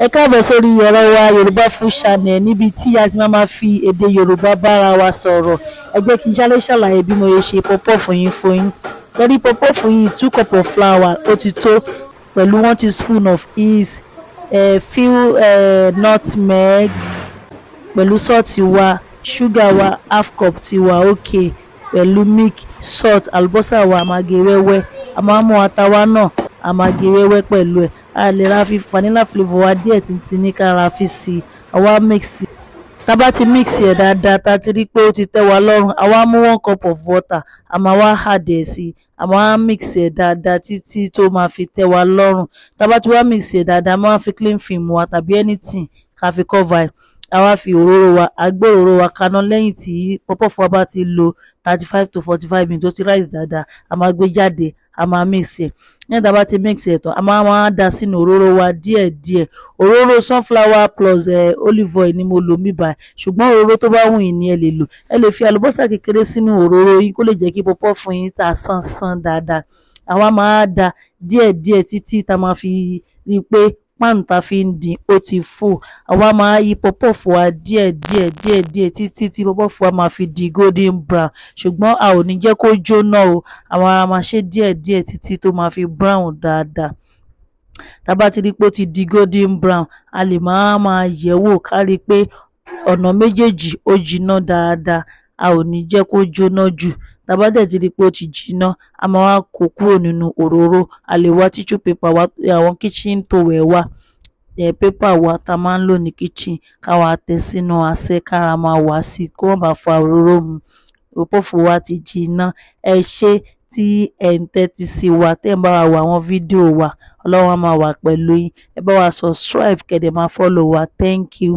ẹ káàbọ̀ sórí ọ̀rọ̀ wa yorùbá food channel níbi tí a ti máa fi èdè yorùbá bára wa sọ̀rọ̀ ẹ jẹ́ kí n ṣálẹ́ ṣàlàyé bí mo ṣe pọ̀pọ̀ fún yín fún yín lórí pọ̀pọ̀ fún yín two cup of flour ó ti tó pẹ̀lú one teaspoon of yeast uh, few uh, nutmeg pẹ̀lú sọ́ọ̀tì wa ṣúgà wa half cup ti wa ok pẹ̀lú milk salt àlùbọ́sà wa màgè wẹ́wẹ́ àmọ́ àmọ́ àtàwa náà a máa gé wẹ́wẹ́ a lè ra fi vanilla flavour wa díẹ̀ títí ní ká ra fi sí i àwa mix tá bá ti mix ẹ̀ dáadáa tá ti rí pé ó ti tẹ́ wa lọ́rùn àwa mú one cup of water a máa wá add ẹ̀ sí i a máa mix ẹ̀ dáadáa títí tó máa fi tẹ́ wa lọ́rùn tá bá wá mix ẹ̀ dáadáa máa fi clean film wa tàbí anything ká fi cover ẹ̀ àwa fi òróró wa agbé òróró wa kaná lẹ́yìn tí pọ́pọ́fọ́ bá ti lo thirty five to forty five minutes ó ti rise dáadáa a máa jáde a máa mix ẹ̀ nígbà tá a bá ti mix ẹ̀ tán a máa máa da sínú òróró wa díẹ̀ díẹ̀ òróró sunflower plus eh, olive oil ni mo lò mí báyìí ṣùgbọ́n òróró tó bá wùn yín ni ẹ lè lò ẹ lè fi àlùbọ́sà kékeré sínú òróró yín kó lè jẹ́ kí pọ́pọ́ fún yín ta sánsán dáadáa àwa máa da díẹ̀ díẹ̀ títí tá a máa fi rí i pé páǹtà fi ń dín ó ti fò àwa máa yí pọ́pọ́ọ̀fù wa díẹ̀ díẹ̀ díẹ̀ díẹ̀ títí tí pọ́pọ́ọ̀fù wa máa fi di golden brown ṣùgbọ́n a ò ní jẹ́ kó jóná o àwọn ará máa ṣe díẹ̀ díẹ̀ títí tó máa fi brown dáadáa tábà ti rí pé ó ti di golden brown a lè máa máa yẹ̀wò ká rí pé ọ̀nà méjèèjì ó jiná dáadáa a ò ní jẹ́ kó jóná jù tá a bá dẹ̀ ti rí i pé ó ti jiná a máa wá kó kúrò nínú òróró a lè wá tissue paper wa àwọn kitchen towel wa pépà wa tá a máa ń lò ní kitchen káwa tẹ sínú asẹ́ kára máa wá sí kó má bàa fa òróró mu òpófò wa ti jiná ẹ ṣe tí ẹ̀ ń tẹ́tí sí wa tẹ́ ń bá wa wo àwọn fídíò wa ọlọ́run máa wà pẹ̀lú yín ẹ bá wa subscribe kẹ̀dẹ̀ máa follow wa thank you.